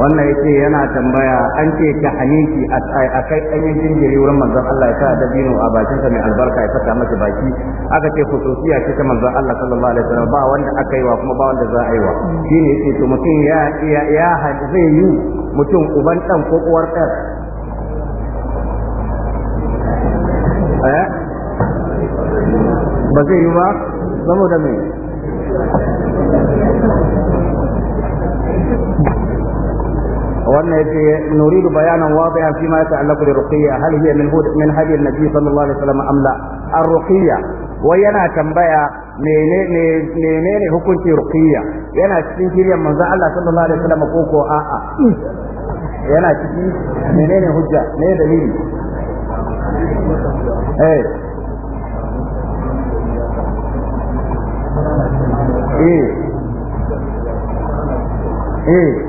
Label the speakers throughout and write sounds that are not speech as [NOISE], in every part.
Speaker 1: wannan ya ce yana tambaya an ce ta haniki a kai ɗanyen jinjiri wurin manzon Allah ya sa dabino a bakinsa mai albarka ya saka masa baki aka ce khususiya ce ta manzon Allah sallallahu alaihi wasallam ba wanda aka yi wa kuma ba wanda za a yi wa shine yace to mutum ya ya zai yi mutum uban dan ko uwar ɗan eh? ba zai yi ba saboda me wannan yace nuridu bayanan wadihan fima yata'allaqu bi ruqiyya hal hiya min hud min hadi an-nabi sallallahu alaihi wasallam am la ar-ruqiyya wai yana tambaya menene hukuncin ruqiyya yana cikin shiryan manzo Allah sallallahu alaihi wasallam ko ko a'a
Speaker 2: yana cikin menene hujja ne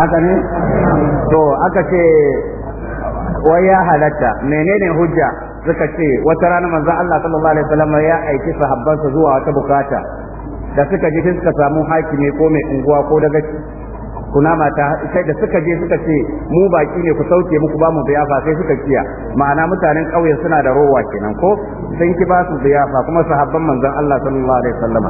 Speaker 1: haka ne to aka ce wai ya halatta menene hujja suka ce wata rana manzo Allah sallallahu alaihi wasallam ya aiki sahabbansa zuwa wata bukata da suka je suka samu ne ko mai unguwa ko daga kunama ta sai da suka je suka ce mu baki ne ku sauke muku ba mu biyafa sai suka kiya ma'ana mutanen ƙauye suna da rowa kenan ko sun ki ba su biyafa kuma sahabban manzon Allah sallallahu alaihi wasallam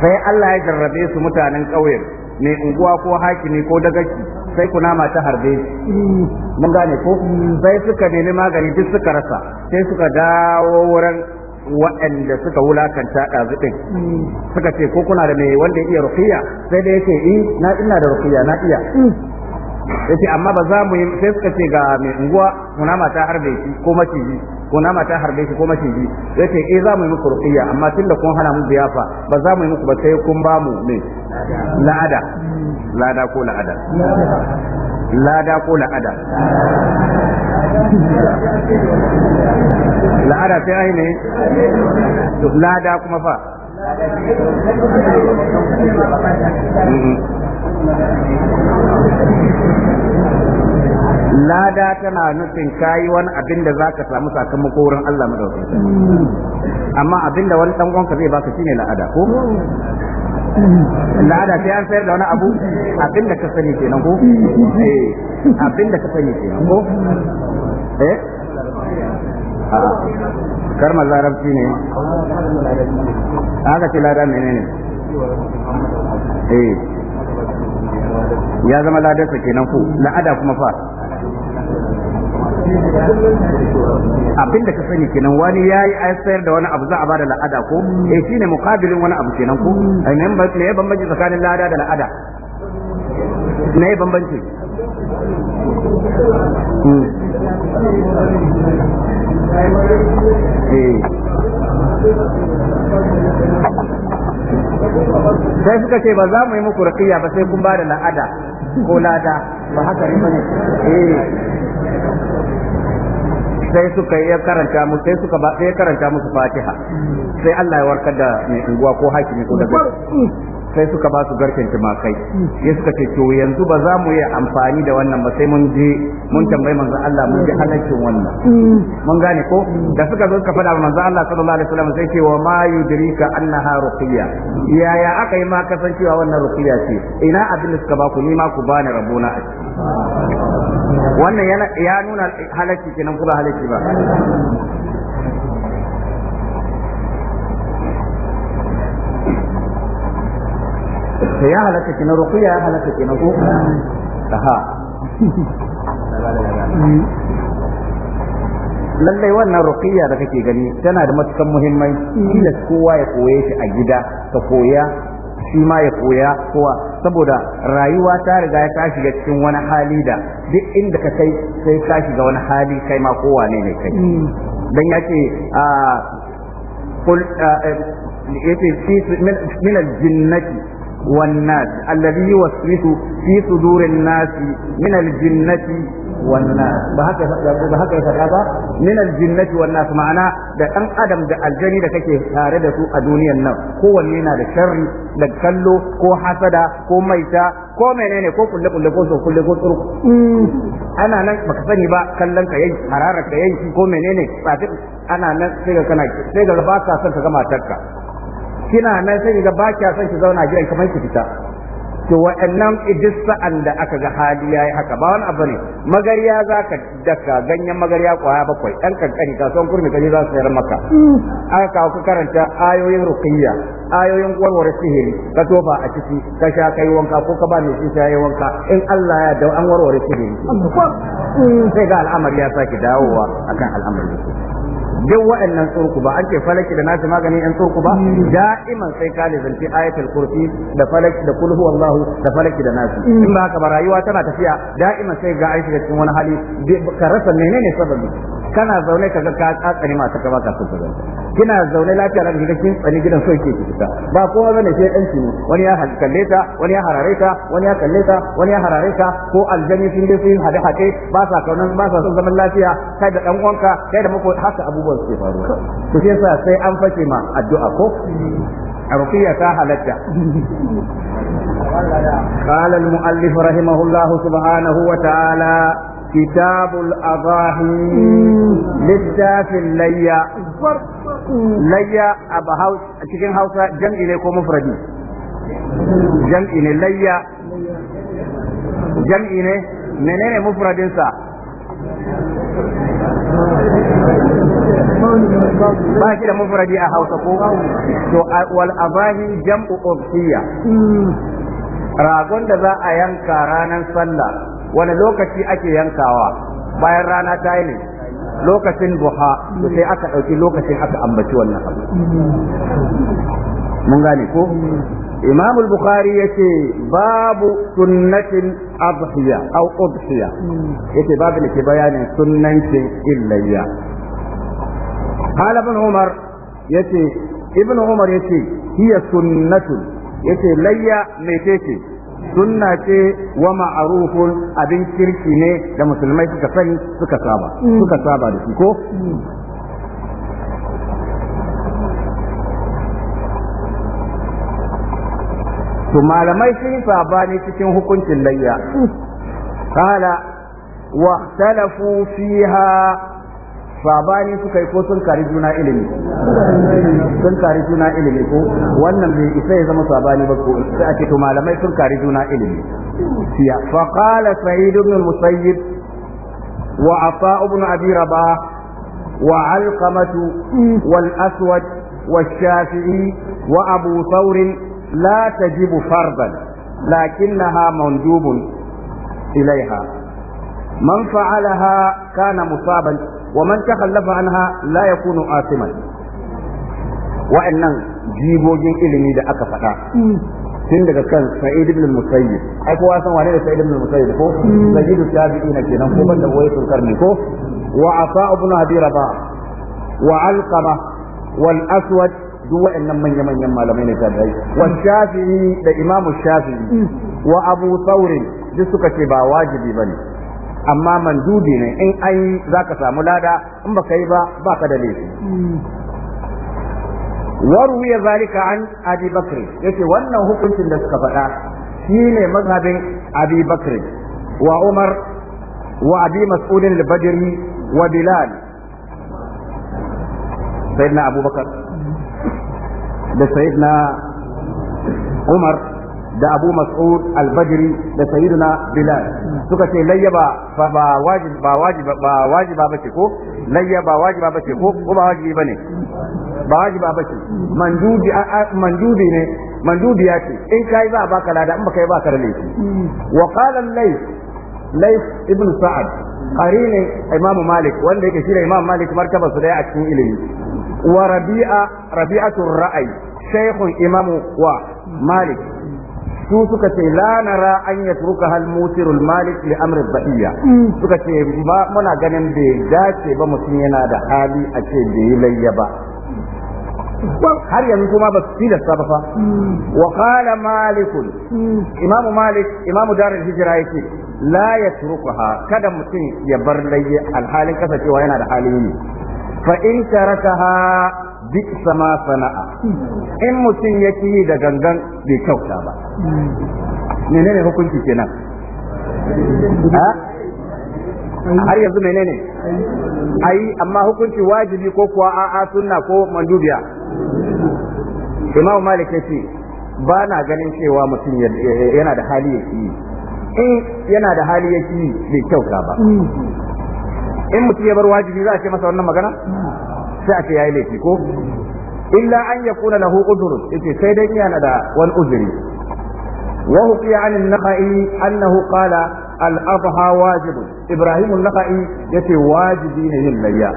Speaker 1: sai Allah ya jarrabe su mutanen ƙauyen mai unguwa ko ne ko dagaki sai ku nama ta harbe shi mun gane ko sai suka nemi magani duk suka rasa sai suka dawo wurin waɗanda suka wulakanta ɗazu ɗin suka ce ko kuna da mai wanda ya iya rukiya sai da yake in eh, na ina da rufiya na iya yace amma ba za mu yi sai suka ce ga mai unguwa kuna mata harbe shi ko maciji kuna mata harbe shi ko maciji yace eh za mu yi muku ruqiyya amma da kun hana mu biyafa ba za mu yi muku ba sai kun ba mu me la'ada lada ko la'ada lada ko la'ada la'ada sai ai ne lada kuma fa mm-hmm. lada tana nufin kayi wani abin da zaka samu sakamako wurin Allah madaukakin amma abin da wani dan zai baka shine la'ada ko la'ada sai an sayar da wani abu abin da ka sani nan ko eh abin da ka sani nan ko eh karma larabci ne aka ce lada menene eh ya zama ladarsa kenan ku? la'ada kuma fa abin da ka sani kenan wani ya yi sayar da wani abu za a bada la'ada ko eh, shi shine mukabilin wani abu kenan ko Na eh, ya bambanci tsakanin lada da la'ada na ya bambanci
Speaker 2: you. Hmm. Eh.
Speaker 1: sai suka ce ba za mu yi muku raqiya ba sai kun ba da la'ada ko lada ba haka ne bane eh. sai suka yi karanta musu sai suka ba karanta musu Fatiha sai Allah ya warkar da mai unguwa ko hakimi ko da sai suka ba su garken tumakai sai suka ce to yanzu ba za mu yi amfani da wannan ba sai mun je mun tambayi manzo Allah mun ji halaccin wannan mun gane ko da suka zo suka faɗa manzo Allah sallallahu alaihi wasallam sai ce wa ma yudrika annaha ruqiyya yaya aka yi ma kasancewa wannan ruqiyya ce ina abin da suka ba ku ni ma ku bani rabona a wannan ya nuna halacci kenan kuma halacci ba ta ya halaka kina ruqya ya halaka kina ko aha lallai wannan ruqiyya da kake gani tana da matukan muhimmanci tilas kowa ya koye shi a gida ka koya shi ma ya koya kowa saboda rayuwa ta riga ya ta shiga cikin wani hali da duk inda ka kai sai ka shiga wani hali kai ma kowa ne ne kai dan yake a ah, kul ah, eh, yake min aljinnati والناس الذي يوسوس في صدور الناس من الجنة والناس بهكا يفرقها da ɗan adam da aljani da kake tare da su a duniyan nan kowanne yana da sharri da kallo ko hasada ko maita ko menene ko kulle kulle ko kulle ko tsuru ana nan baka sani ba kallon ka yayi hararar ka yayi ko menene ana nan sai ka son ka ga matarka kina nan sai ga ba kya son ki zauna gidan kamar ki fita to wa'annan idissa sa'an da aka ga hali yayi haka ba wani abu ne magariya za daka ganyen magariya kwaya bakwai ɗan kankani son kurmi kaje za su yar maka aka kawo ka karanta ayoyin ruqiyya ayoyin warware sihiri ka tofa a ciki ka sha kai wanka ko ka ba mai shi sha wanka in Allah ya da an warware sihiri sai ga al'amari ya saki dawowa akan al'amari duk waɗannan tsurku ba an ce falaki da nasu maganin yan tsurku ba da'iman sai ka lizanci ayatul kursi da falaki da kulhu wallahu da falaki da nasu mm. in ba haka ba rayuwa tana tafiya da'iman sai ga aisha cikin wani hali ka rasa menene sababi kana zaune ka ga ka tsatsani masu ka baka so ka kina zaune lafiya da kika kin tsani gidan so yake kika ba kowa bane sai yanci ne wani ya kalle ta wani ya harare ta wani ya kalle ta wani ya harare ta ko aljani sun je sun hade hade ba sa kaunan ba sa son zaman lafiya kai da dan uwanka kai da mako haka abubuwan suke faruwa to sai sa sai an fashe ma addu'a ko ruqiyya ta halatta قال المؤلف رحمه الله سبحانه وتعالى kitabul azahi littafin layya layya a cikin hausa jam'i ne ko mufradi jam'i ne layya jam'i ne menene mufradinsa ba shi da mufradi a hausa ko to wal abahi jam'u ubsiya ragon da za a yanka ranar sallah wani lokaci ake yankawa bayan rana ta yi ne lokacin buha to sai aka ɗauki lokacin aka ambaci wannan abu mun gane ko imam Bukhari ya ce babu sunnatin adhiya aw udhiya ce babu ne ke bayanin sunnancin illayya al-Umar ya ce, Ibn Umar ya ce عمر sunnatin, ya ce layya mai ميتيتي sunna ce wa ma'arufun abin kirki ne da musulmai suka sani suka saba mm. suka saba da shi ko mm. to malamai sun sabani cikin hukuncin layya kala mm. wa talafu fiha sabani suka yi ko sun kari juna ilimi sun kari juna ilimi ko wannan bai isa ya zama sabani ba ko sai a ce to malamai sun kari juna ilimi siya fa qala sa'id ibn musayyib wa ata ibn abi rabah wa alqamatu wal aswad والشافعي وأبو ثور لا تجب فرضا لكنها إليها من فعلها كان مصابا ومن تخلف عنها لا يكون آثما وإنن جيبوجين إلمي دا أكفتا tun daga kan sa'id ibn musayyib ai kowa san wane da sa'id ibn musayyib ko sayyidu tabi'in kenan ko banda wai sun karni ko wa afa ibn abi rabah wa alqama wal aswad duk wa'annan manya manyan malamai ne tabi'ai wa shafi'i da imam shafi'i wa abu duk ce ba wajibi ne. amma mandubi ne in ai zaka samu lada in baka yi ba ba ka da laifi waru ya zalika an abi bakri yace wannan hukuncin da suka faɗa shine mazhabin abi bakri wa umar wa abi mas'ud al-badri wa bilal sayyidina abubakar da sayyidina umar da Abu Mas'ud al-Badri da Sayyidina Bilal suka ce layya ba ba wajibi ba wajibi ba wajiba bace ko layya ba wajiba bace ko ko ba wajibi bane ba wajiba bace mandubi mandubi ne mandubi ya ce in kai ba a baka lada in baka yi baka laifi wa qala al-layth layth ibn sa'ad qarinin imam malik wanda yake shi da imam malik martaba su daya a cikin ilimi wa rabi'a rabi'atu ra'ayi shaykhun imamu wa malik su suka ce la nara an yatruka hal musirul malik li amri bahiya mm. suka ce muna ganin bai dace ba mutum yana da hali a ce bai layya ba har yanzu kuma ba su tilasta ba fa mm. wa qala mm. malik imam malik imam darul hijra yake la yatrukaha kada mutum ya bar layya alhalin kasancewa yana da hali ne fa in tarakaha bi sama sana'a in mutum ya yi da gangan bai kyauta ba menene hukunci kenan har yanzu menene ai amma hukunci wajibi ko kuwa a'a sunna ko mandubiya imam malik yace ba na ganin cewa mutum yana da hali yake yi in yana da hali yake yi bai kyauta ba mm. in mutum ya bar wajibi za a ce masa wannan magana sai a ce yayi laifi ko illa an yakuna lahu udhrun yace sai dai yana da wani uzuri wa huqiya an an-nakhai annahu qala al-adha wajib ibrahim an-nakhai yace wajibi ne yin layya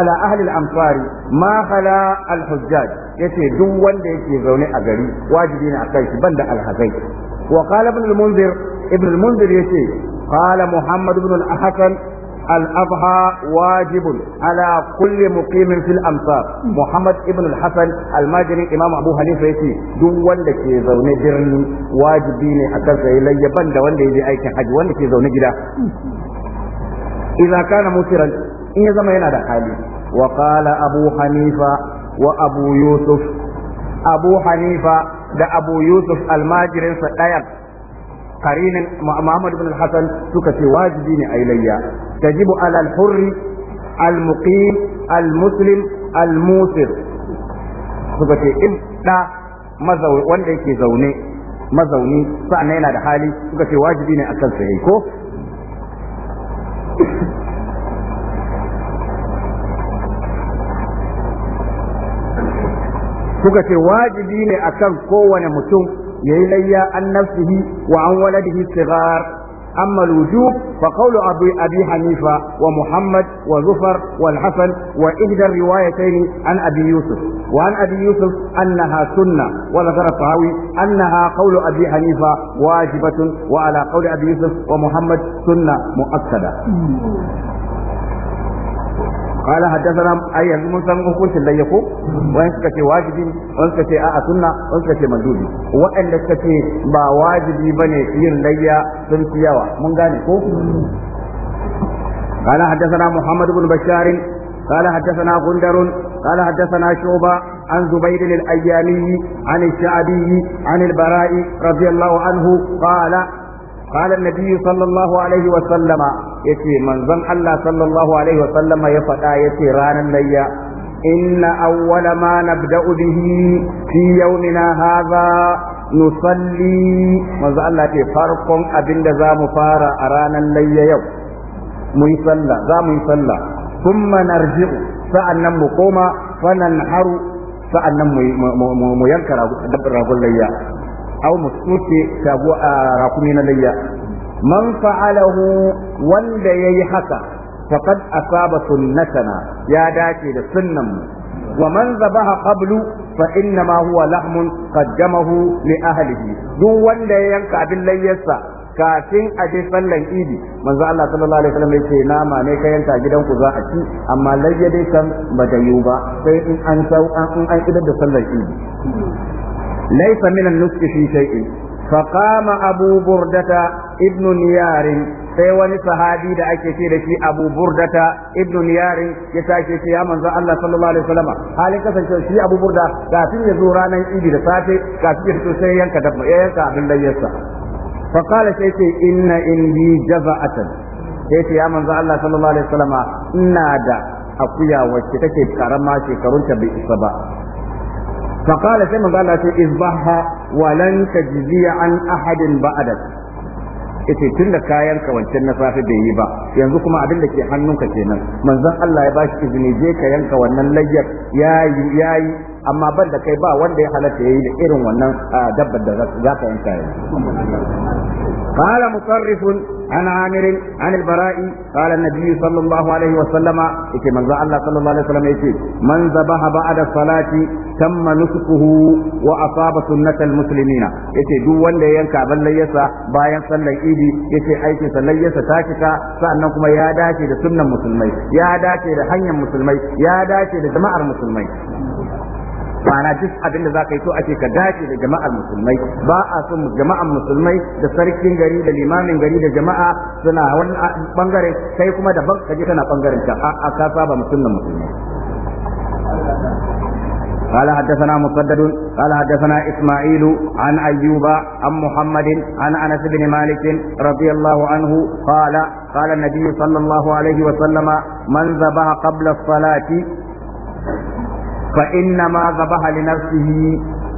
Speaker 1: ala ahli al-amsari ma khala al-hujjaj yace duk wanda yake zaune a gari wajibi ne a kai shi banda al-hazai wa qala ibn al-munzir ibn al-munzir yace qala Muhammadu ibn al الأضحى واجب على kulle مقيم في Muhammad محمد Hassan almajirin imam Abu Hanifa ya ce دو wanda ke zaune birni wajibi ne a kansa ya layyaban da wanda ya je aikin haji wanda ke zaune gida idza kana mutiran in ya zama yana da hali wa qala abu hanifa wa abu yusuf abu hanifa da abu yusuf almajirinsa ɗayan karinin Muhammad ibn al-Hasan suka ce wajibi ne a layya tajibu ala al-hurri al-muqim al-muslim al-musir suka ce in da wanda yake zaune mazauni sa'an yana da hali suka ce wajibi ne akan sa yayi ko suka ce wajibi ne akan kowane mutum yayi layya عن نفسه وعن ولده الصغار أما الوجوب فقول أبي, أبي حنيفة ومحمد وزفر والحسن وإحدى الروايتين عن أبي يوسف وعن أبي يوسف أنها سنة وذكر الطهاوي أنها قول أبي حنيفة واجبة وعلى قول أبي يوسف ومحمد سنة مؤكدة قال حدثنا اي yanzu mun san hukuncin da yako wani ce wajibi wani suka ce a'a sunna wani suka ce mandubi waɗanda suka ce ba wajibi ne yin layya sun fi yawa mun gane ko قال حدثنا محمد بن بشار قال حدثنا غندر قال حدثنا شعبة عن زبير الأيامي عن الشعبي عن البراء رضي الله عنه قال قال النبي صلى الله عليه وسلم يتي من زن الله صلى الله عليه وسلم يفتا يتي رانا ليا إن أول ما نبدأ به في يومنا هذا nusalli manzo Allah ce farkon abinda da za mu fara a ranar layya yau mu yi za mu yi sallah thumma narji'u sa'annan mu koma fanan haru mu yanka ragon layya aw mututi shago a rakumi na layya man fa'alahu wanda yayi haka faqad asaba sunnatana ya dace da sunnan mu wa man zabaha qablu fa inna ma huwa lahmun qaddamahu li ahlihi duk wanda ya yanka abin layyarsa kafin a je sallan idi manzo Allah sallallahu alaihi wasallam yace nama ne ka yanka gidan ku za a ci amma layya dai kan ba da ba sai in an sau da sallar
Speaker 2: idi
Speaker 1: laysa min an-nusk fi shay'in fa qama abu burdata sai wani sahabi da ake ce da shi abu burdata ya tashi ce ya manzo Allah sallallahu alaihi wasallam halin kasancewa shi abu kafin ya zo ranar idi da safe kafin ya fito sai yanka dabba ya yanka abin layyarsa fa qala sai ce inna indi jaza'atan sai ce ya manzo Allah sallallahu alaihi wasallam ina da akuya wacce take karama shekarunta bai isa ba فقال كما قال اذبحها ولن تجزي عن احد بعدك yace tun da kayan ka wancan na safe bai yi ba yanzu kuma abin da ke hannunka kenan manzon Allah ya bashi izini je ka yanka wannan layyar ya yayi amma ban da kai ba wanda ya halatta yayi da irin wannan dabbar da za ka yanka قال مصرف عن عامر عن البراء قال النبي صلى الله عليه وسلم إتي من الله صلى الله عليه وسلم إتي من ذبح بعد الصلاة تم نسكه وأصاب سنة المسلمين إتي دو وان ينكا بل ليسا باين صلى إيدي إتي أيتي صلى ليسا تاكتا سأنكم يا داتي لسنة مسلمين يا داتي لحنيا مسلمين يا داتي لجماعة المسلمين ma'ana duk abin da zaka yi to ake ka dace da jama'ar musulmai ba a son jama'ar musulmai da sarkin gari da limamin gari da jama'a suna wani bangare kai kuma ka je kana bangaren ka a ka saba musulmin musulmai قال حدثنا مسدد قال حدثنا اسماعيل عن ايوب عن محمد عن انس بن مالك رضي الله عنه قال قال النبي صلى الله عليه وسلم من ذبح قبل الصلاه fa inna ma zabaha li nafsihi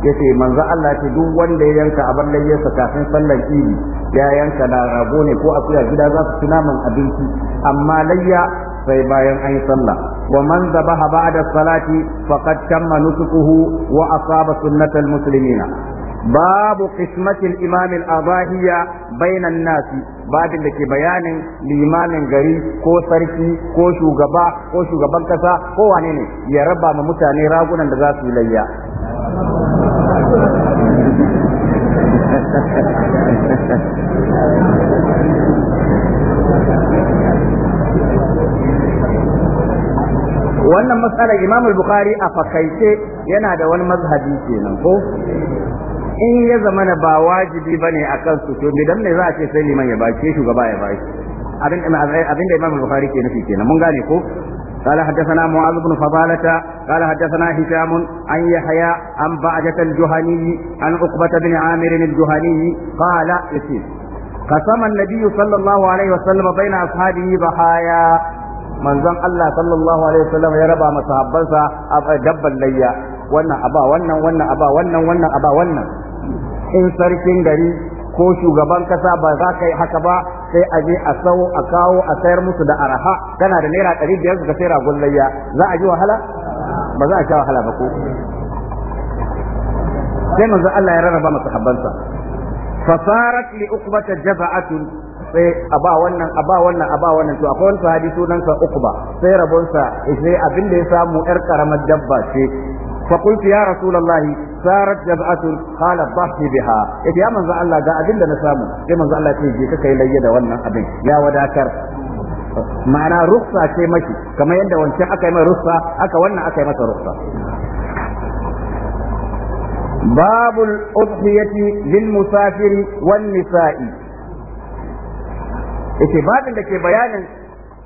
Speaker 1: yace manzo Allah ce duk wanda ya yanka abin da yasa kafin sallar idi ya yanka da rago ne ko akuya gida za su ci naman abinci amma layya sai bayan an yi sallah wa man zabaha ba'da salati faqad tamma nusukuhu wa asaba sunnatal muslimina babu qismatil imam al-adhiyya bainan nasi babin da ke bayanin limanin gari ko sarki ko shugaba ko shugaban kasa ko wane ne ya raba ma mutane ragunan da za su yi layya wannan matsalar imam al-bukhari a fakaice yana da wani mazhabi kenan ko in ya zamana ba wajibi ne akan su to dan ne za a ce sai liman ya baki shugaba ya baki abin abin da Imam Bukhari ke nufi kenan mun gane ko قال حدثنا معاذ بن فضالة قال حدثنا هشام عن يحيى عن بعجة الجهني عن عقبة بن عامر الجهني قال يسير قسم النبي صلى الله عليه وسلم بين أصحابه ضحايا من زم الله صلى الله عليه وسلم يربى مصحبنسا دبا ليا wannan aba wannan wannan aba wannan wannan aba wannan in sarkin gari ko shugaban kasa ba za ka yi haka ba sai a je a sau a kawo a sayar musu da araha kana da naira ɗari biyar suka sai ragon layya za a ji wahala ba za a sha wahala ba ko sai manzo Allah ya rarraba masa habbansa fasarat li uqbata jaza'atun sai a ba wannan a ba wannan a ba wannan to akwai wani sahabi sunansa sa uqba sai rabonsa sai abin da ya samu yar karamar dabba ce فقلت يا رسول الله صارت جزعة قال ضحي بها إذا يا من الله ده أبين لنا سامو يا من الله تيجي كي لي ده وانا أبين يا وداكر معنى رخصة شيء ماشي كما يندى وانشي أكا يما رخصة أكا وانا أكا يما رخصة باب الأضحية للمسافر والنساء إذا باب لك بيان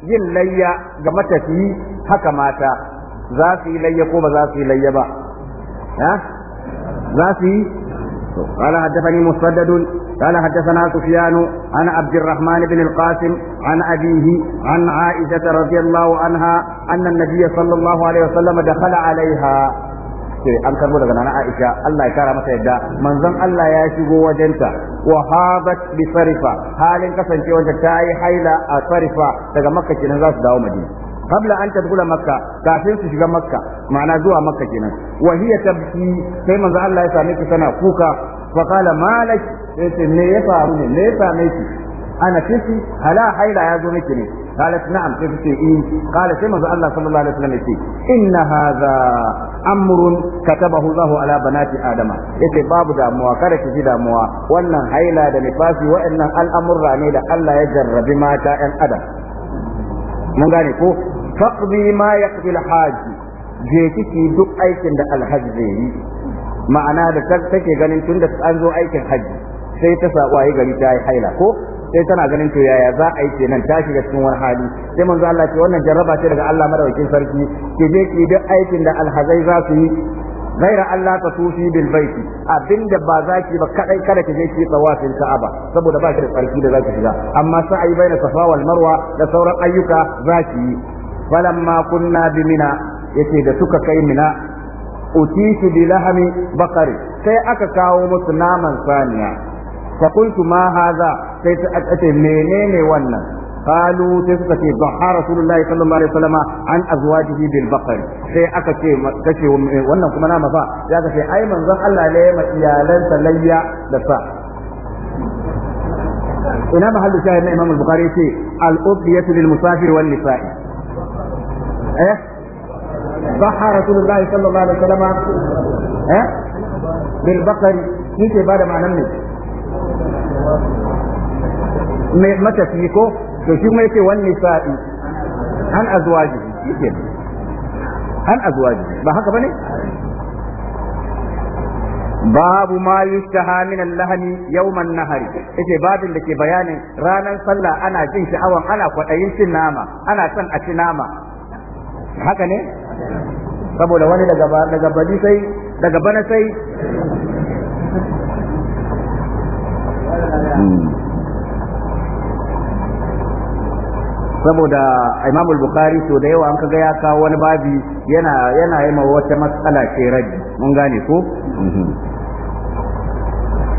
Speaker 1: yin layya ga matafiyi haka mata za su yi layya ko ba za su yi layya ba za su yi قال حدثني مسدد قال حدثنا سفيان عن عبد الرحمن بن القاسم عن أبيه عن عائشة رضي الله عنها أن النبي صلى الله عليه وسلم دخل عليها ce an karbo daga nana Aisha Allah ya kara mata yadda manzon Allah ya shigo wajenta wa habat bi sarifa halin kasancewar ta yi haila a daga makka kenan za su dawo madina qabla an tadkhula makka kafin su shiga makka ma'ana zuwa makka kenan wa hiya tabki sai manzo Allah ya same ta tana kuka fa qala malaki sai ce me ya faru ne me ya same ki ana kishi hala haila ya zo miki ne قالت نعم كيف تقول قال كما الله صلى الله عليه وسلم يقول إن هذا أمر كتبه الله على بنات آدم يقول باب داموا كرك في داموا وأن هيلا دنفاسي وأن الأمر راني دا يجرب ما تأن أدم mun gane ko faqdi ma yaqdi alhaji je kiki duk aikin da alhaji zai yi ma'ana da take ganin tunda an zo aikin haji sai ta sabayi gari ta yi haila ko sai tana ganin to yaya za a yi kenan ta shiga cikin wani hali sai manzo Allah ce wannan jarraba ce daga Allah madaukakin sarki ke je ki duk aikin da alhazai za su yi gaira Allah ta tufi bil baiti abinda ba za ki ba kadai kada ki je ki tsawafin Ka'aba saboda ba ki da sarki da za ki shiga amma sa'i baina Safa wal Marwa da sauran ayyuka za ki yi falamma kunna bi mina yace da suka kai mina utitu bi lahami bakari sai aka kawo musu naman saniya fa qultu ma hadha sai ta ce menene wannan قالوا تسكتي ضحى رسول الله صلى الله عليه وسلم sai aka ce wannan kuma na mafa ya ka ce ai manzon Allah ne ma iyalansa layya da sa ina mahallu shahid na Imam Bukhari ce al-ubdiyatu lil musafir wal nisa'i eh صح رسول الله صلى الله عليه وسلم eh بالبقر yake ba da ma'anar ne matafi ko to shi mai ce wani sa'i an azwaji yake an azwaji ba haka bane babu ma yushtaha min al-lahmi yawm an-nahari yace babin da ke bayanin ranar sallah ana jin sha'awan ana kwadayin cin nama ana son a ci nama haka ne saboda wani daga daga sai daga bana sai hmm. saboda Imam al-Bukhari da yawa an kaga ya kawo wani babi yana yana yi ma wata matsala ce raji mun gane ko mhm.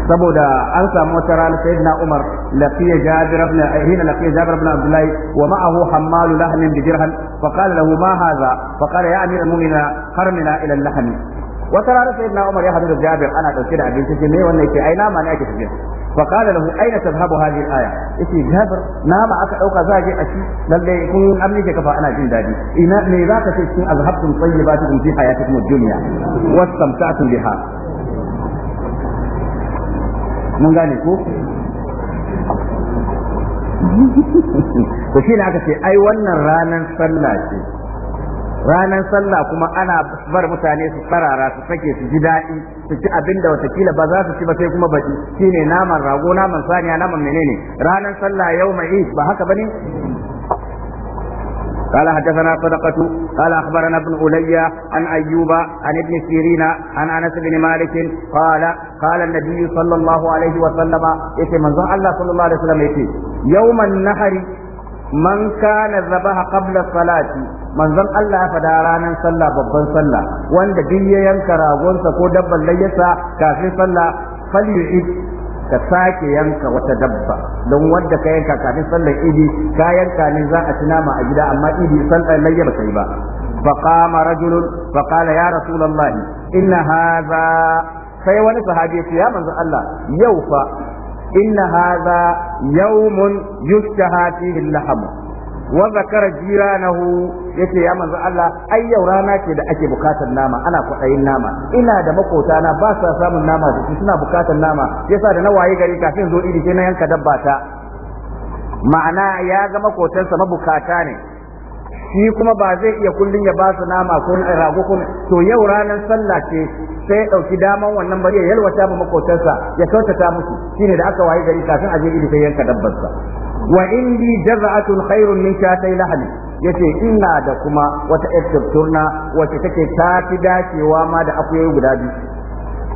Speaker 1: saboda an samu wata rana sayyidina Umar lafiya Jabir ibn hina lafiya Jabir ibn Abdullah wa ma'ahu hammalu lahmin bi dirham فقال له ما هذا فقال يا امير المؤمنين حرمنا الى اللحم وترى سيدنا عمر يحضر جابر انا دوكي da abinci ce me wannan yake ai nama ne ake tafiya فقال له اين تذهب هذه الايه yace jabir nama aka ɗauka za a je a ci lalle kun amni ke kafa ana jin dadi ina me za ka ce cikin azhabtum tayyibatukum fi hayatikum ad-dunya wastamta'tum biha mun gane ko
Speaker 2: to
Speaker 1: shi ne aka ce ai wannan ranar sallah ce ranan sallah kuma ana bar mutane su tsarara su sake su ji daɗi su ci abinda da watakila ba za su ci ba sai kuma baki ne naman rago naman saniya naman menene ranar sallah yau mai ba haka bane قال حدثنا صدقة قال أخبرنا ابن علي عن أيوب عن ابن سيرين عن أنس بن مالك قال قال النبي صلى الله عليه وسلم يتي من الله صلى الله عليه وسلم يتي يوم النحر من كان ذبح قبل الصلاة manzon Allah ya fada ranar sallah babban sallah wanda duk ya yanka ragonsa ko dabban layyasa kafin sallah falyu'id ka sake yanka wata dabba don wanda ka yanka kafin sallar idi ka yanka ne za a ci nama a gida amma idi sallar layya ba ta yi ba فقام رجل فقال ya رسول الله إن sai wani sahabi ya ce ya manzo Allah yau fa inna hadha yawmun yushtaha fihi al-lahm wa zakara jiranahu yace ya manzo Allah ai yau rana ce da ake bukatar nama ana kwaɗayin nama ina da makota na ba sa samun nama da su suna bukatar nama yasa da na waye gari kafin zo iri sai na yanka dabba ta ma'ana ya ga makotansa mabukata ne shi kuma ba zai iya kullum ya ba su nama ko rago ko to yau ranar sallah ce sai ya dauki daman wannan bari ya yalwata ma makotansa ya kyautata musu shine da aka waye gari kafin a je idi sai yanka dabbarsa wa indi jar'atun khairun min shatai lahmi yace ina da kuma wata ittifturna wace take ta fi dacewa ma da akuyoyi guda biyu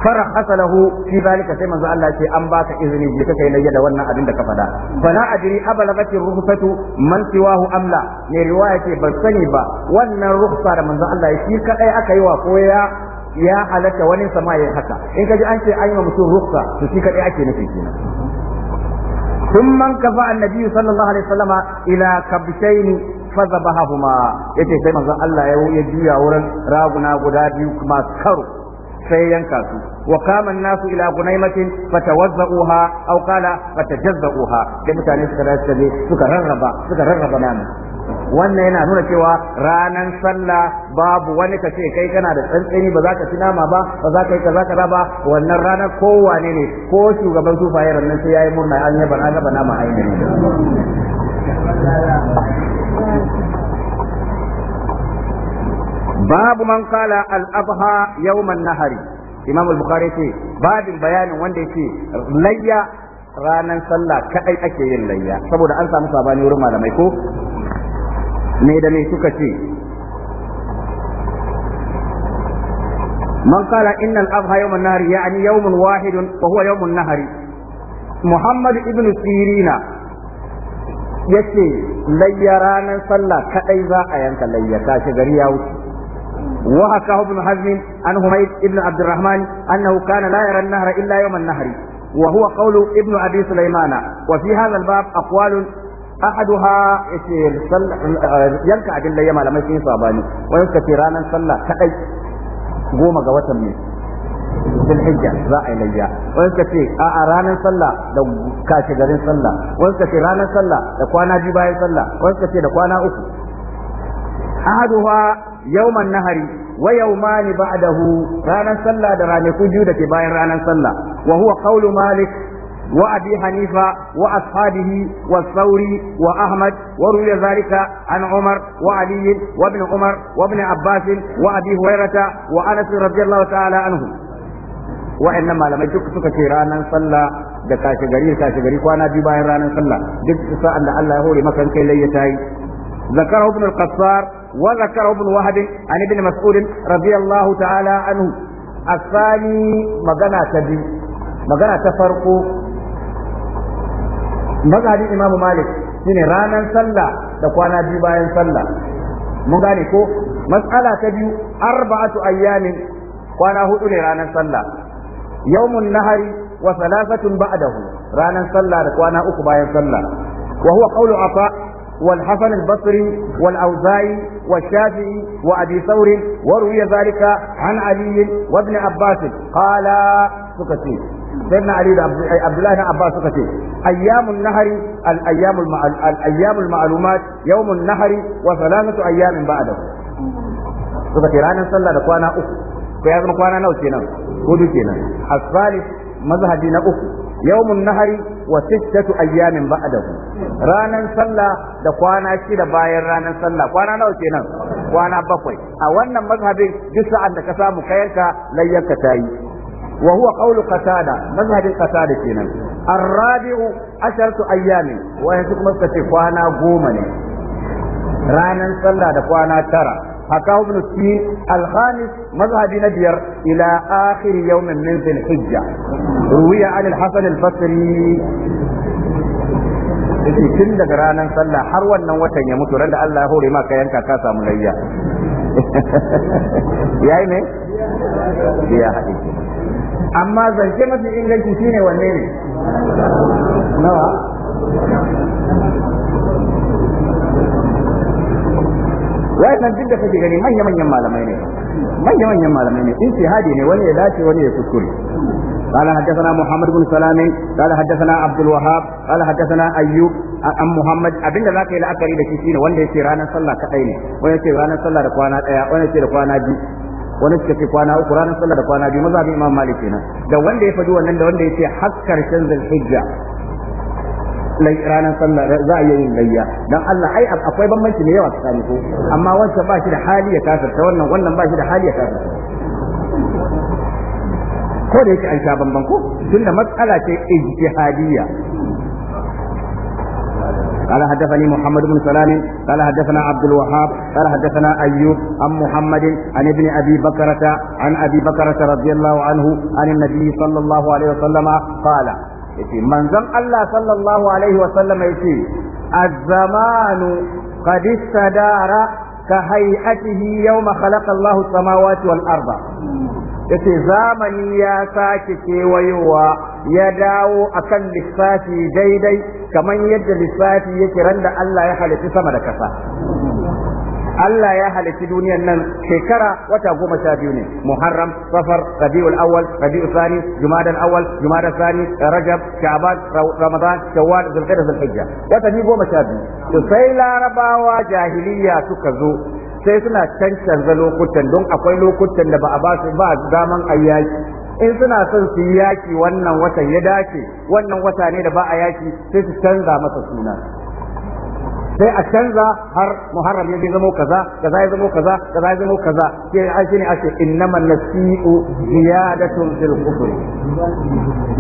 Speaker 1: fara hasa lahu fi zalika sai manzo Allah ce an baka izini je kai na da wannan abin da ka fada fala ajri ablagati ruhsatu man siwahu amla ne riwaya ce ban sani ba wannan ruhsa da manzo Allah shi kadai aka yi wa ko ya halatta wani sama ya haka in kaji an ce an yi wa mutum ruhsa to shi kadai ake nufi kenan ثم انكفى النبي صلى الله عليه وسلم الى كبشين فذبحهما yace sai manzon Allah ya juya wurin raguna guda biyu masu karo sai yanka su wa kama nasu ila gunaimatin fatawazzauha aw qala fatajazzauha da mutane suka rasu suka rarraba suka rarraba namu wannan yana nuna cewa ranan sallah babu wani kace kai kana da tsantsani ba za ka ci nama ba ba za ka yi kaza kaza ba wannan ranar kowane ne ko shugaban sufaye nan sai yayi murna an yaba na gaba nama ainihin babu man kala al-abha yawman nahari imam al-bukhari ce babin bayanin wanda yake layya ranan sallah kadai ake yin layya saboda an samu sabani wurin malamai ko me da me suka ce man qala inna al-adha yawm an-nahar ya'ni yawm wahid wa huwa yawm an Muhammad ibn Sirina yace layya ranar sallah kadai za a yanka layya tashi gari ya wuce وحكاه ابن حزم عن حميد ابن عبد الرحمن أنه كان لا يرى النهر إلا يوم النهر وهو قول ابن أبي سليمان وفي هذا الباب ke yanka abin layya malamai sun yi sabani wani suka ce ranar sallah kadai goma ga watan mai bil hijja za a yi layya wani suka ce a a ranar sallah da kashi garin sallah wani suka ce ranar sallah da kwana biyu bayan sallah wani suka ce da kwana uku ahaduha yawman nahari wa yawmani ba'dahu ranar sallah da ranaku biyu da ke bayan ranar sallah wa huwa malik وأبي حنيفة وأصحابه والثوري وأحمد وروي ذلك عن عمر وعلي وابن عمر وابن عباس وأبي هريرة وأنس رضي الله تعالى عنه وإنما لم يجك سكتيرانا صلى da kashe gari kashe gari kwana biyu bayan ranar sallah duk sa'an da Allah ya hore maka kai lai ya tayi ibn al-qassar wa zakar ibn wahab an ibn mas'ud radiyallahu ta'ala anhu asani magana ta biyu magana ta farko mazhabin Imam Malik shine ranar sallah da kwana biyu bayan sallah mun gane ko mas'ala ta biyu arba'atu ayyamin kwana hudu ne ranar sallah yawmun nahari wa thalathatun ba'dahu ranar sallah da kwana uku bayan sallah wa huwa qawlu afa والحسن البصري والأوزاعي والشافعي وأبي ثور وروي ذلك عن علي وابن عباس suka ce. sayyidina ali da eh, abdullahi na abbas suka ce ayyamun nahari al ayyamul al ayyamul ma'lumat yawmun nahari wa salamatu ayyamin ba'dahu suka ce ranar sallah da kwana uku ko ya zama kwana nawa kenan hudu kenan asfalis mazhabi na uku yawmun nahari wa sittatu ayyamin ba'dahu ranan sallah da kwana shida bayan ranan sallah kwana nawa kenan kwana bakwai a wannan mazhabin duk sa'an da ka samu kayanka layyanka tayi وهو قول قتادة مذهب قتادة كنا الرابع عشرة أيام ويسوق مسكة فانا قومني رانا صلى دفانا ترى حكاه ابن السين الخامس مذهب نبير إلى آخر يوم من ذي الحجة روي عن الحسن البصري tun daga ranar sallah har wannan watan ya mutu ran da Allah ya hore maka yanka ka samu layya yayi ne ya haɗe amma zance mafi inganci shi ne wanne ne nawa wannan duk da kake gani manya manyan malamai ne manya manyan malamai ne in shahadi ne wani ya dace wani ya kuskure قال حدثنا محمد بن سلام قال حدثنا عبد الوهاب قال حدثنا Ayyub, عن Muhammad, abinda ذاك الى la'akari da shi ne wanda yake ranar sallah kadai ne wanda yake ranar sallah da kwana daya wanda yake da kwana biyu wani suka ce kwana uku ranar sallah da kwana biyu mazhabin imam malik kenan da wanda ya faɗi wannan da wanda ya ce har karshen zulhijja ranar sallah za a yi layya dan Allah ai akwai bambanci ne yawa tsakanin ko amma wancan ba shi da hali ya kafirta wannan wannan ba shi da hali ya kafirta ko da yake an sha bamban ko tunda matsala ce ijtihadiyya قال حدثني محمد بن سلام قال حدثنا عبد الوهاب قال حدثنا أيوب عن محمد عن ابن أبي بكرة عن أبي بكرة رضي الله عنه عن النبي صلى الله عليه وسلم قال منزل الله صلى الله عليه وسلم يتي الزمان قد استدار كهيئته يوم خلق الله السماوات والأرض yace zamani ya sake kewayowa ya dawo akan lissafi daidai kamar yadda lissafi yake randa Allah ya halitta sama da kasa Allah ya halitti duniyar nan shekara wata goma sha biyu ne Muharram Safar Rabiul Awwal Rabiul Thani Jumadal Awwal Jumadal Thani Rajab Sha'ban Ramadan Shawwal Zulqa'da Zulhijja wata ni goma sha biyu to sai Larabawa jahiliya suka zo sai suna cancanza lokutan don akwai lokutan da ba a ba su ba daman ayyaki in suna son su yi yaki wannan watan ya dace wannan wata ne da ba a yaki sai su canza masa suna sai a canza har muharram ya zama kaza kaza ya zama kaza kaza ya zama kaza ke a shine a ce innaman nasi'u ziyadatun fil kufri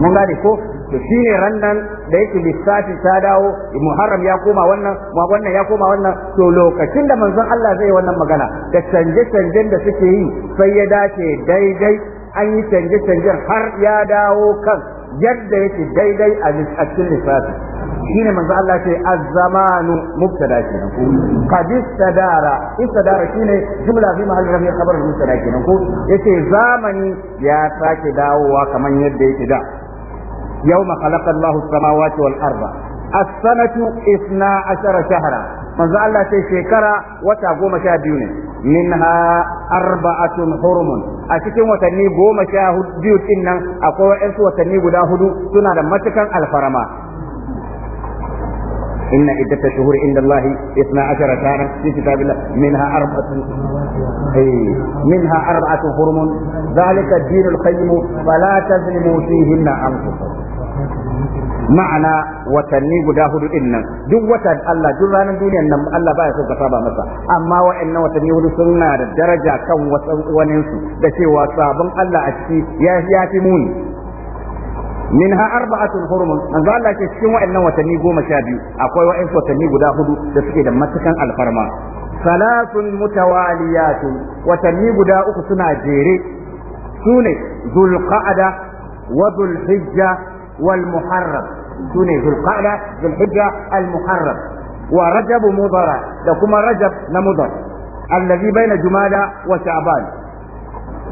Speaker 1: mun gane ko to shine rannan da yake lissafi ta dawo muharram ya koma wannan ma wannan ya koma wannan to lokacin da manzon Allah zai wannan magana da canje-canjen da suke yi sai ya dace daidai an yi canje-canjen har ya dawo kan yadda yake daidai a cikin lissafi shine manzo Allah ce az-zamanu mubtada nan ko qad istadara istadara shine jumla fi mahalli rafi khabar mubtada nan ko yace zamani ya sake dawowa kaman yadda yake da yawma khalaqa Allahu as-samawati wal arda as-sanatu 12 shahra manzo Allah ce shekara wata goma sha biyu ne minha arba'atun hurumun a cikin watanni goma sha biyu din nan akwai wa'ansu watanni guda hudu suna da matukan alfarama إن عدة الشهور عند الله اثنا عشر شهرا في كتاب الله منها أربعة منها أربعة حرم ذلك الدين القيم فلا تظلموا فيهن أنفسكم ma'ana watanni guda hudu din nan duk wata Allah duk ranar duniyar nan Allah baya so ka saba masa amma wa'annan watanni hudu suna da daraja kan wasan waninsu da cewa sabon Allah a ciki ya fi muni minha arba'atun hurum manzo Allah ke cikin wa'annan watanni goma sha biyu akwai wa'in watanni guda hudu da suke da matukan alfarma salatun mutawaliyatun watanni guda uku suna jere sune zulqa'ada wa zulhijja wal muharram zulqa'ada zulhijja al muharram wa rajab mudara da kuma rajab na mudar allazi baina jumada wa sha'ban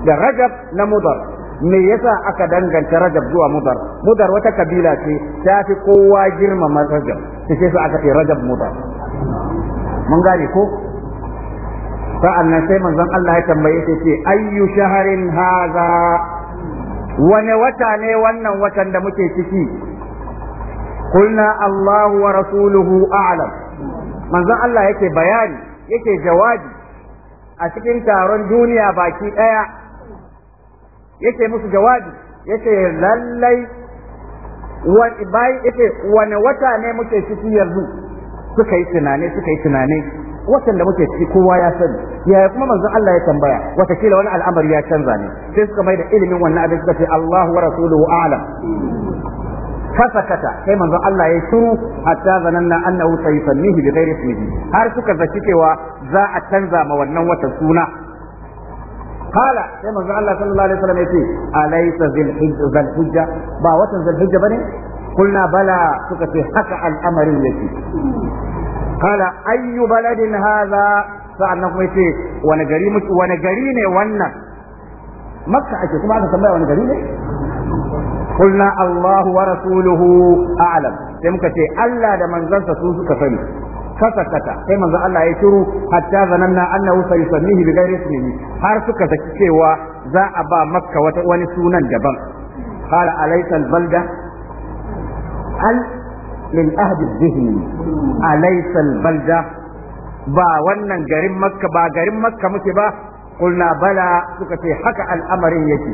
Speaker 1: da rajab na mudar me yasa aka danganta rajab zuwa mudar mudar wata kabila ce ta fi kowa girmama rajab sai su aka ce rajab mudar mun gane ko sa'annan sai manzon Allah ya tambaye shi ce ayyu shaharin haza wane wata ne wannan watan da muke ciki kulna Allah wa rasuluhu a'lam manzon Allah yake bayani yake jawabi a cikin taron duniya baki daya yake musu jawabi yake lallai bayan yake wane wata ne muke ciki yanzu suka yi tunane suka yi tunane watan da muke ciki kowa ya sani yaya kuma manzon Allah ya tambaya watakila wani al'amari ya canza ne sai suka mai da ilimin wannan abin suka ce Allahu wa rasuluhu a'lam fasakata sai manzon Allah ya shiru hatta zananna annahu sayusannihi bi ghairi ismihi har suka zaci cewa za a canza ma wannan wata suna قال كما الله صلى الله عليه وسلم يقول أليس ذي الحجة, ذي الحجة با وطن ذي الحجة بني قلنا بلى سكتي حكى الأمر التي قال أي بلد هذا sa'annan kuma yace wani gari muke wani gari ne wannan makka ake kuma aka tambaya wani gari ne kulna Allahu wa rasuluhu sai muka ce Allah da manzansa su suka sani kasa kata sai manzo Allah ya shiru hatta zananna annahu sayusammihi bi ghairi ismihi har suka zaki cewa za a ba makka wata wani sunan daban qala alaysa albalda al lil ahd dhihni alaysa albalda ba wannan garin makka ba garin makka muke ba kulna bala suka ce haka al'amarin yake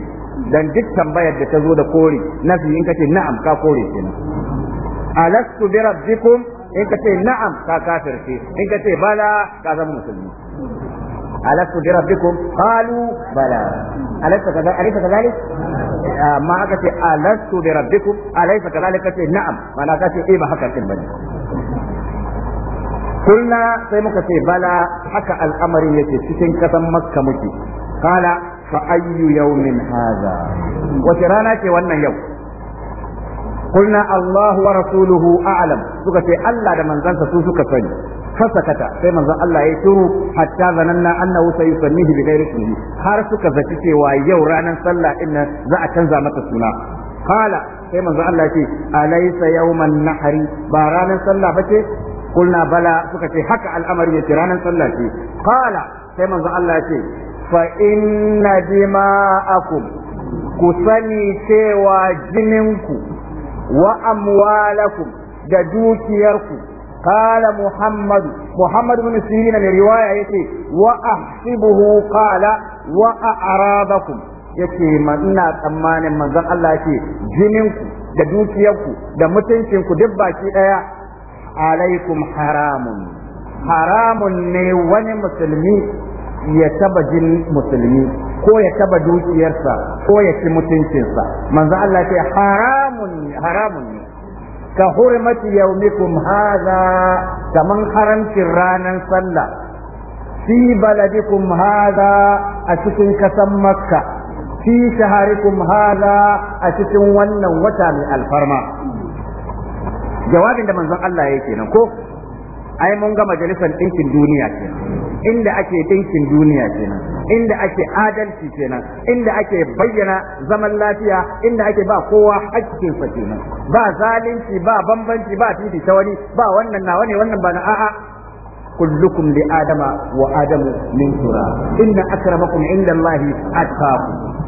Speaker 1: dan duk tambayar da ta zo da kore nafi in kace na'am ka kore kenan alastu bi rabbikum in ka ce na'am ka kafirce in ka ce bala ka zama musulmi alastu bi rabbikum qalu bala alastu kaza alastu kazalik amma aka ce alastu bi rabbikum alaysa kadhalika ce na'am mana ka ce eh ba haka din bane kulna sai muka ce bala haka al'amarin yake cikin kasan makka muke kala fa ayyu yawmin hadha wace rana ce wannan yau Kulna Allahu wa rasuluhu a'lam suka ce Allah da manzansa su suka sani fasakata sai manzon Allah ya shiru hatta na, zananna annahu sayusannihi bi ghairi ismihi har suka zaci cewa yau ranar sallah in na za a canza mata suna qala sai manzon Allah ya ce alaysa yawman nahri ba ranar sallah bace qulna bala suka ce haka al'amari yake ranar sallah ce qala sai manzon Allah ya ce fa inna dima'akum ku sani cewa jininku wa amwalakum da dukiyarku qala muhammad muhammad ibn sirin ne riwaya yace wa ahsibuhu qala wa a'radakum yace ina tsammanin manzon Allah yace jininku da dukiyarku da mutuncinku duk baki daya alaikum haramun haramun ne wani musulmi ya taba jin musulmi ko ya taba dukiyarsa ko ya ci mutuncinsa manzo Allah ce haramun haramun ne ka hurmati yaumikum hadha kaman haramcin ranar sallah fi baladikum hadha a cikin kasan makka fi shaharikum hadha a cikin wannan wata mai alfarma jawabin da manzon Allah yake nan ko ai mun ga majalisar ɗinkin duniya kenan inda ake dinkin duniya kenan inda ake adalci kenan inda ake bayyana zaman lafiya inda ake ba kowa sa kenan ba zalunci ba bambanci ba titi ta wani ba wannan nawa ne wannan ba na a'a kullukum li adama wa adamu min tura inna akramakum inda allahi atqakum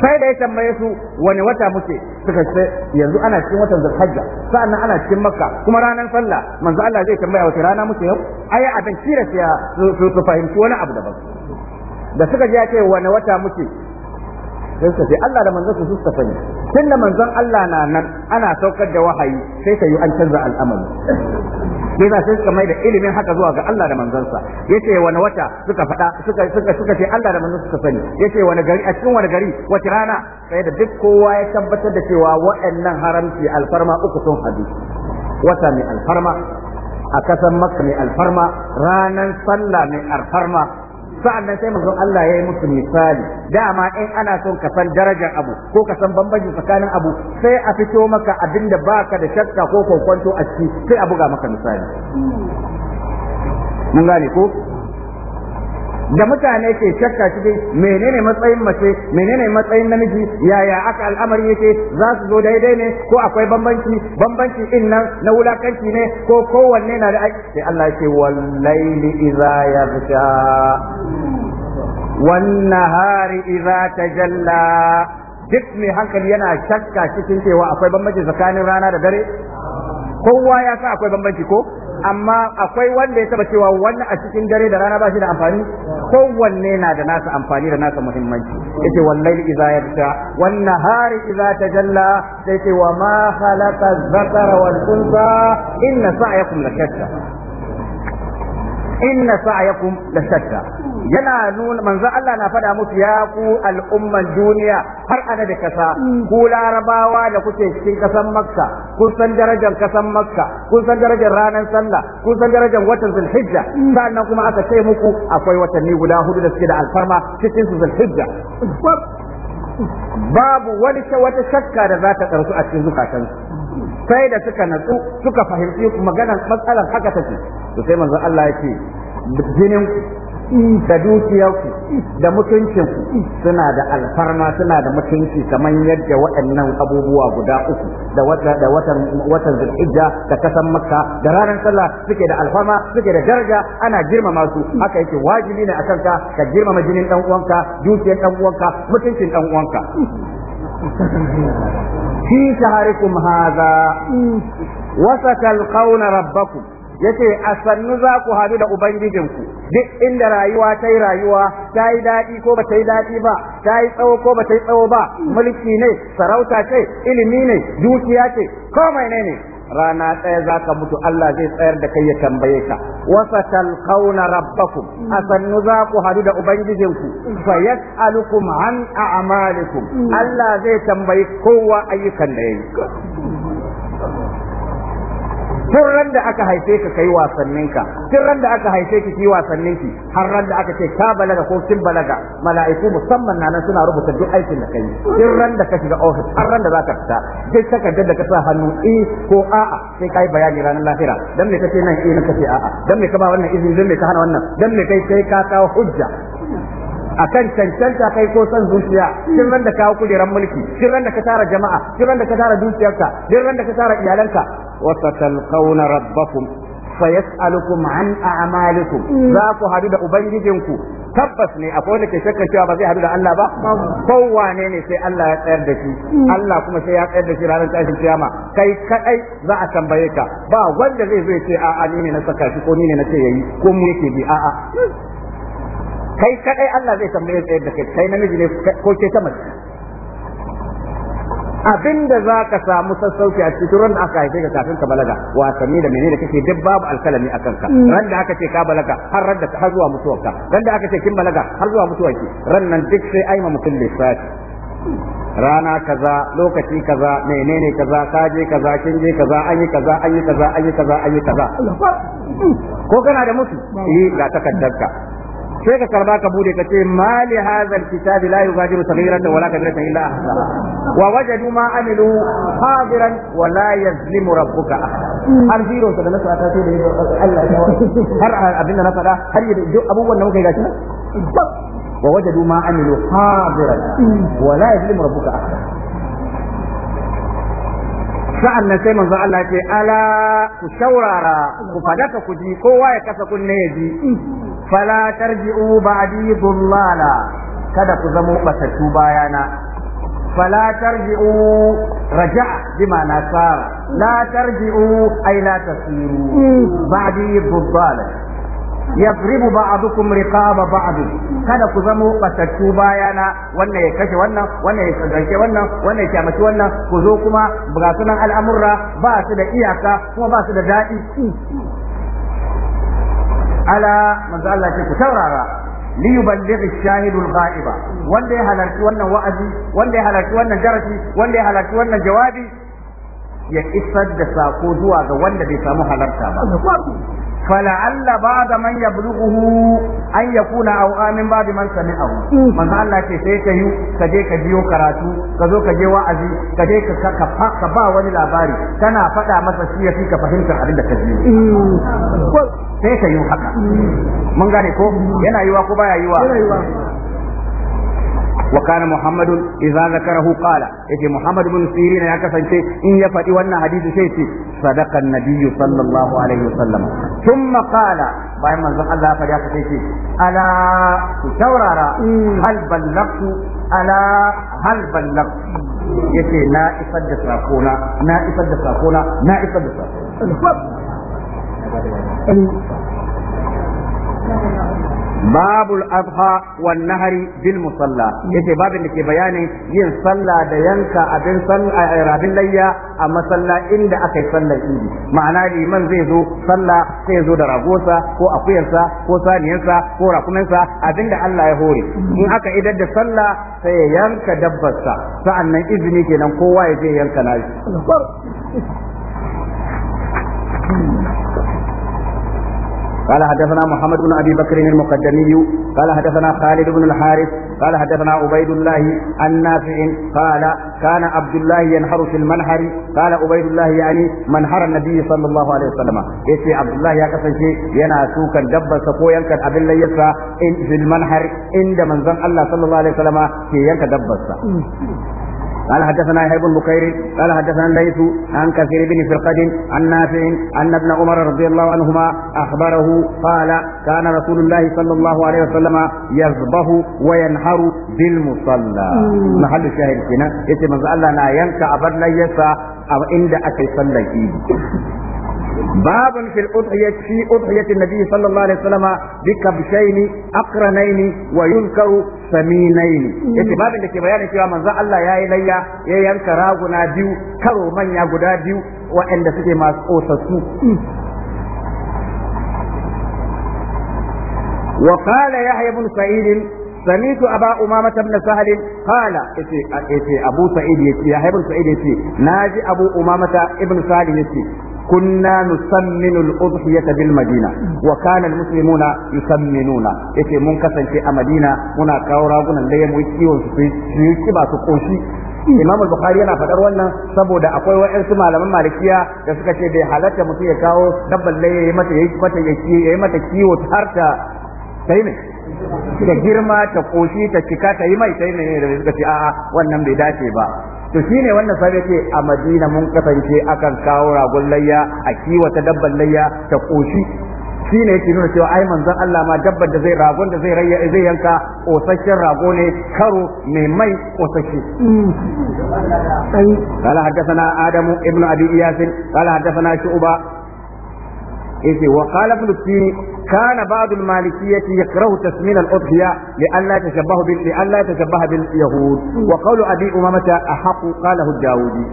Speaker 1: sai da ya tambaye su wani wata muke suka ce yanzu ana cikin watan zulhajja sa'annan ana cikin makka kuma ranar sallah manzo Allah zai tambaya wace rana muke yau ai dan kira ya su fahimci wani abu daban da suka ji ya ce wani wata muke sai suka ce Allah da manzo su suka sani tunda manzon Allah na nan ana saukar da wahayi sai ka yi an canza al'amari ne za sai suka mai da ilimin haka zuwa ga Allah da manzansa yace wani wata suka faɗa suka suka suka ce Allah da manzansa suka sani yace wani gari a cikin wani gari wata rana sai da duk kowa ya tabbatar da cewa waɗannan haramci alfarma uku sun hadu wata mai alfarma a kasan makka mai alfarma ranan sallah mai alfarma Sa'an nan sai mazan Allah ya yi musu misali dama in ana son ka san darajar abu ko ka san bambanci tsakanin abu sai a fito maka abin abinda ka da shakka ko kwankwanto a ciki sai a buga maka misali mun gane ko da mutane ke shakka cikin menene matsayin mace menene matsayin namiji yaya aka al'amari yake za su zo daidai ne ko akwai bambanci bambanci din nan na wulakanci ne ko kowanne na da aiki sai Allah ce wallahi idza yaghsha wan nahari idza tajalla duk mai hankali yana shakka cikin cewa akwai bambanci tsakanin rana da dare kowa ya sa akwai bambanci ko amma akwai wanda ya taba cewa wani a cikin dare da rana ba shi da amfani kowanne na da nasa amfani da nasa muhimmanci yace wallahi idza yata wan nahari idza tajalla sai wa ma khalaqa dhakara wal unsa inna sa'yakum lakatta inna sa'yakum la shatta yana nuna manzo Allah na fada musu ya ku al'umman duniya har ana da kasa ku larabawa da kuke cikin kasan makka kun san darajar kasan makka kun san darajar ranar sallah kun san darajar watan zulhijja sannan kuma aka ce muku akwai watanni guda hudu da suke da alfarma cikin su zulhijja babu wani wata shakka da za ta karsu a cikin zukatansu sai da suka natsu suka fahimci maganar matsalar haka take to sai manzon Allah ya ce jinin da dukiyarku da mutuncinku suna da alfarma suna da mutunci kamar yadda waɗannan abubuwa guda uku da da watan watan zulhijja da kasan makka da ranar sallah suke da alfarma suke da daraja ana girmama su haka yake wajibi ne akan ka ka girmama jinin dan uwanka dukiyar dan uwanka mutuncin dan uwanka في شهركم هذا wasaka alqawla ربكم yace a sannu za ku haɗu da ubangijinku duk inda rayuwa ta yi rayuwa ta yi daɗi ko ba ta yi daɗi ba ta yi tsawo ko ba ta yi tsawo ba mulki ne sarauta ce ilimi ne dukiya ce komai ne ne rana ɗaya za ka mutu Allah zai tsayar da kai ya tambaye ka wasa talqauna rabbakum sannu za ku hadu da ubangijinku fa yas'alukum an a'malikum mm. Allah zai tambayi kowa ayyukan da yayi tun ran da aka haife ka kai wasannin ka tun ran da aka haife ki kai wasannin ki har ran da aka ce ka balaga ko kin balaga mala'iku musamman nan suna rubuta duk aikin da kai tun ran da ka shiga office har ran da zaka fita duk takardar da ka sa hannu eh ko a'a sai kai bayani ranar lahira dan me kace nan eh kace a'a dan me ka ba wannan izini dan me ka hana wannan dan me kai sai ka kawo hujja akan cancanta kai ko son zuciya kin ran da ka kujeran mulki kin ran da ka tara jama'a kin ran da ka tara dukiyarka kin ran da ka tara iyalanka wa satalqawna rabbakum fayas'alukum an a'malikum mm. za ku hadu da ubangijinku tabbas ne akwai wanda ke shakka cewa ba zai hadu da Allah ba kowane ne sai Allah ya tsayar da shi mm. Allah kuma sai ya tsayar da shi ranar tashin kiyama kai kadai za a tambaye ka ba wanda zai zo ya ce a'a ni ne na saka shi ko ni ne na ce yayi ko mu yake bi a'a kai kadai Allah zai tambaye tsayar da kai kai namiji ne ko ke ta mace abinda za ka samu sassauci a cikin ran aka haife ka kafin ka balaga wasanni da menene kake duk babu alkalami akan ka. Mm. ran da aka ce ka balaga har ran da har zuwa mutuwarka ran da aka ce kin balaga har zuwa mutuwarki ran nan duk sai aima mutum lissafi rana kaza lokaci kaza menene kaza kaje kaza kin je kaza an yi kaza an yi kaza an yi kaza an yi kaza ko kana da mutu yi ga takaddarka sai ka karba ka bude ka ce mali hadha alkitab la yughadiru saghiratan wala kabiratan illa ahsaha wa wajadu ma amilu hadiran wa la yazlimu rabbuka har zero da nasara ta sai da Allah ya har abinda na fada har duk abubuwan da muka yi gashi wa wajadu ma amilu hadiran wa la yazlimu rabbuka ahada sa'an nan sai manzo Allah ya ce ala ku shaurara ku fadaka ku ji kowa ya kasa kunne ya ji fala tarji'u ba'di dhullala kada ku zamo batattu bayana fala tarji'u raja bima nasara la tarji'u ay la tasiru ba'di dhullala yadribu ba'dukum riqaba ba'd kada ku zamo batattu bayana wannan ya kashe wannan wannan ya tsanke wannan wannan ya kyamaci wannan ku zo kuma ga sunan al'amurra ba su da iyaka kuma ba su da daɗi ala manzo Allah ce ku taurara li yuballighi ash-shahidu al-ghaiba wanda ya halarci wannan wa'azi wanda ya halarci wannan darasi wanda ya halarci wannan jawabi ya isar da sako zuwa ga wanda bai samu halarta ba fala alla ba da man ya bulughu an ya kuna au amin man sami au man Allah ke sai ka yi ka je ka biyo karatu ka zo ka je wa'azi ka je ka ba wani labari tana fada masa shi ya fi ka fahimta abin da ka ji sai ka yi haka mun gane ko yana yiwa ko baya yiwa wa kana muhammad idza zakarahu qala yace muhammad bin sirin ya kasance in ya faɗi wannan hadisi sai ce sadaqa an-nabiy sallallahu alaihi wasallam thumma qala bayan manzon Allah ya faɗi haka sai ce ala ku taurara hal ballaqtu ala hal ballaqtu yace na isar da sakona na isar da sakona na isar da sakona babul adha wan nahari bil musalla yace babin da ke bayanin yin sallah da yanka abin rabin layya a masalla inda aka yi sallar idi ma'ana liman zai zo sallah sai zo da ragosa ko akuyarsa ko saniyarsa ko rakuminsa abinda Allah ya hore in aka idar da sallah sai ya yanka dabbarsa nan izini kenan kowa ya je yanka nashi قال حدثنا محمد بن ابي بكر المقدمي قال حدثنا خالد بن الحارث قال حدثنا عبيد الله عن نافع قال كان عبد الله ينحر في المنحر قال عبيد الله يعني منحر النبي صلى الله عليه وسلم يسي عبد الله يا كسنشي ينا سوكا دبا سكو ينكا ابن ليسا in في المنحر عند من الله صلى الله عليه وسلم في ينكا دبا قال حدثنا يحيى بن بكير قال حدثنا الليث عن كثير بن فرقد عن نافع أن ابن عمر رضي الله عنهما أخبره قال كان رسول الله صلى الله عليه وسلم يذبح وينحر بالمصلى محل الشاهد هنا يتي من الله لا ينكع بل يسع أو عند أكل صلى باب في الأضحية في أضحية النبي صلى الله عليه وسلم بكبشين أقرنين وينكر ne mm. yace babin da ke bayanin cewa manzon Allah yayi layya ya yanka raguna biyu karo manya guda biyu waɗanda suke masu mm. wa وقال yahya ibn sa'id سمعت أبا أمامة بن سهل قال إتي أبو سعيد يتي يحيى سعيد يتي ناجي أبو أمامة ابن سهل يتي kunna nusamminu al-udhiyata bil madina wa kana al-muslimuna yusamminuna yace mun kasance a madina muna kawo ragunan da mu kiwon su su yi kiba su koshi Imam yana faɗar wannan saboda akwai wa'ansu malaman malakiya da suka ce bai halatta mutum ya kawo dabban laye mata yayi mata kiwo har ta sai ne girma ta koshi ta cika ta yi mai sai da suka ce a'a wannan bai dace ba to shine wannan sahabi ce a Madina mun kasance akan kawo ragon layya a kiwata dabban layya ta koshi shi ne yake nuna cewa ai manzon Allah ma dabbar da zai ragon da zai rayya zai yanka kosasshen rago ne karo mai mai kosasshe قال حدثنا adamu ibnu abi إياس قال حدثنا shu'ba يجي وقال ابن السيني كان بعض المالكية يكره تسمين الأضحية لئلا تشبه لئلا تشبه باليهود وقول أبي أمامة أحق قاله الداودي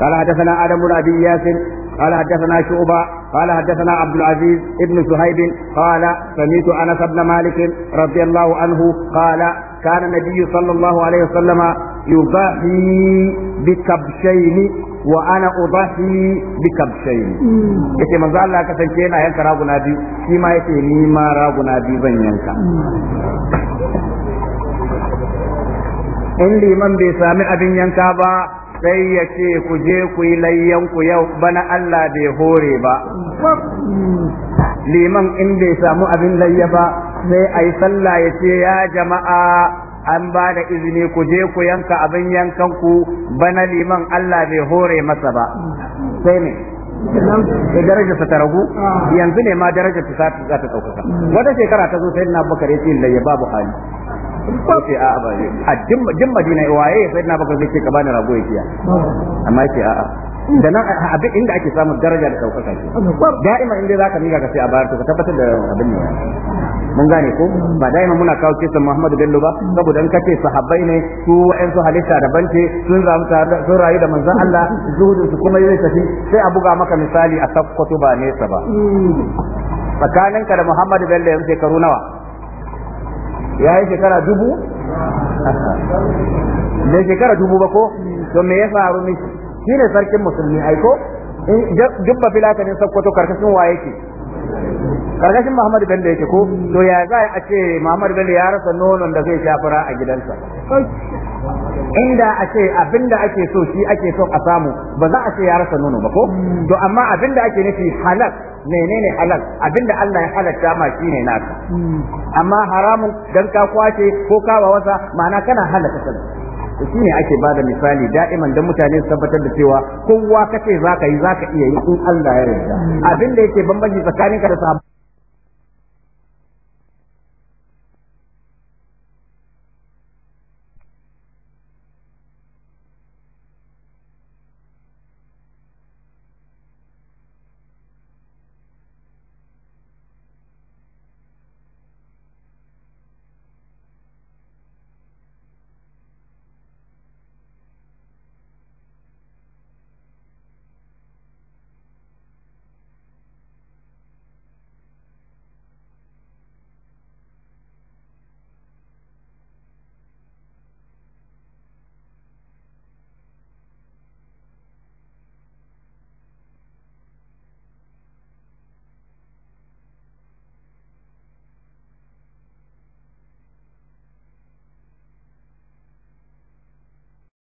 Speaker 1: قال حدثنا آدم بن أبي ياسر قال حدثنا شعبة قال حدثنا عبد العزيز ابن سهيب قال سميت أنس بن مالك رضي الله عنه قال كان النبي صلى الله عليه وسلم يضحي بكبشين wa ana udahi bi kabshayn mm. yace manzo Allah kasance yana yanka raguna biyu shi ma yace ni ma raguna biyu zan yanka
Speaker 2: mm.
Speaker 1: in liman bai sami abin yanka ba sai ya ce ku je ku yi ku yau bana Allah bai hore ba mm. liman in bai samu abin layya ba sai a sallah ya ce ya jama'a an ba da izini ku je ku yanka abin yankan ku bana liman Allah bai hore masa ba sai ne da darajarsa ta ragu yanzu ne ma daraja ta za ta ɗaukaka wata shekara ta zo sai na bakar ya ce laye babu hali ko a a a jin madina waye sai na bakar zai ce ka bani rago ya amma ya ce a'a da nan abin inda ake samun daraja da ɗaukaka ke da'ima inda za ka ka sai a bayar to ka tabbatar da abin ne mun gane ko ba da'ima muna kawo kisan Muhammadu Bello ba saboda in kace sahabbai ne su wa'ansu halitta daban ce sun rayu sun rayu da manzon Allah zuhudin su kuma yayin tafi sai a buga maka misali a sakkwato ba nesa ba tsakaninka da Muhammadu Bello yanzu shekaru nawa ya yi shekara dubu Me [LAUGHS] shekara dubu ba ko to me ya faru miki shi ne sarkin musulmi aiko duk ba filata ne sakkwato karkashin wa yake karkashin Muhammad Bello yake ko to ya za a ce Muhammad Bello ya rasa nonon da zai shafara a gidansa inda a ce abinda ake so shi ake so a samu ba za a ce ya rasa nono ba ko to amma abinda ake nufi halal menene halal abinda Allah ya halatta ma shine naka amma haramun dan ka kwace ko ka wasa ma'ana kana halaka kanka shi ne ake bada misali da'iman dan mutane su tabbatar da cewa kowa kace zaka yi zaka iya yi in Allah ya yarda abin da yake bambanci tsakaninka da
Speaker 2: sahabbai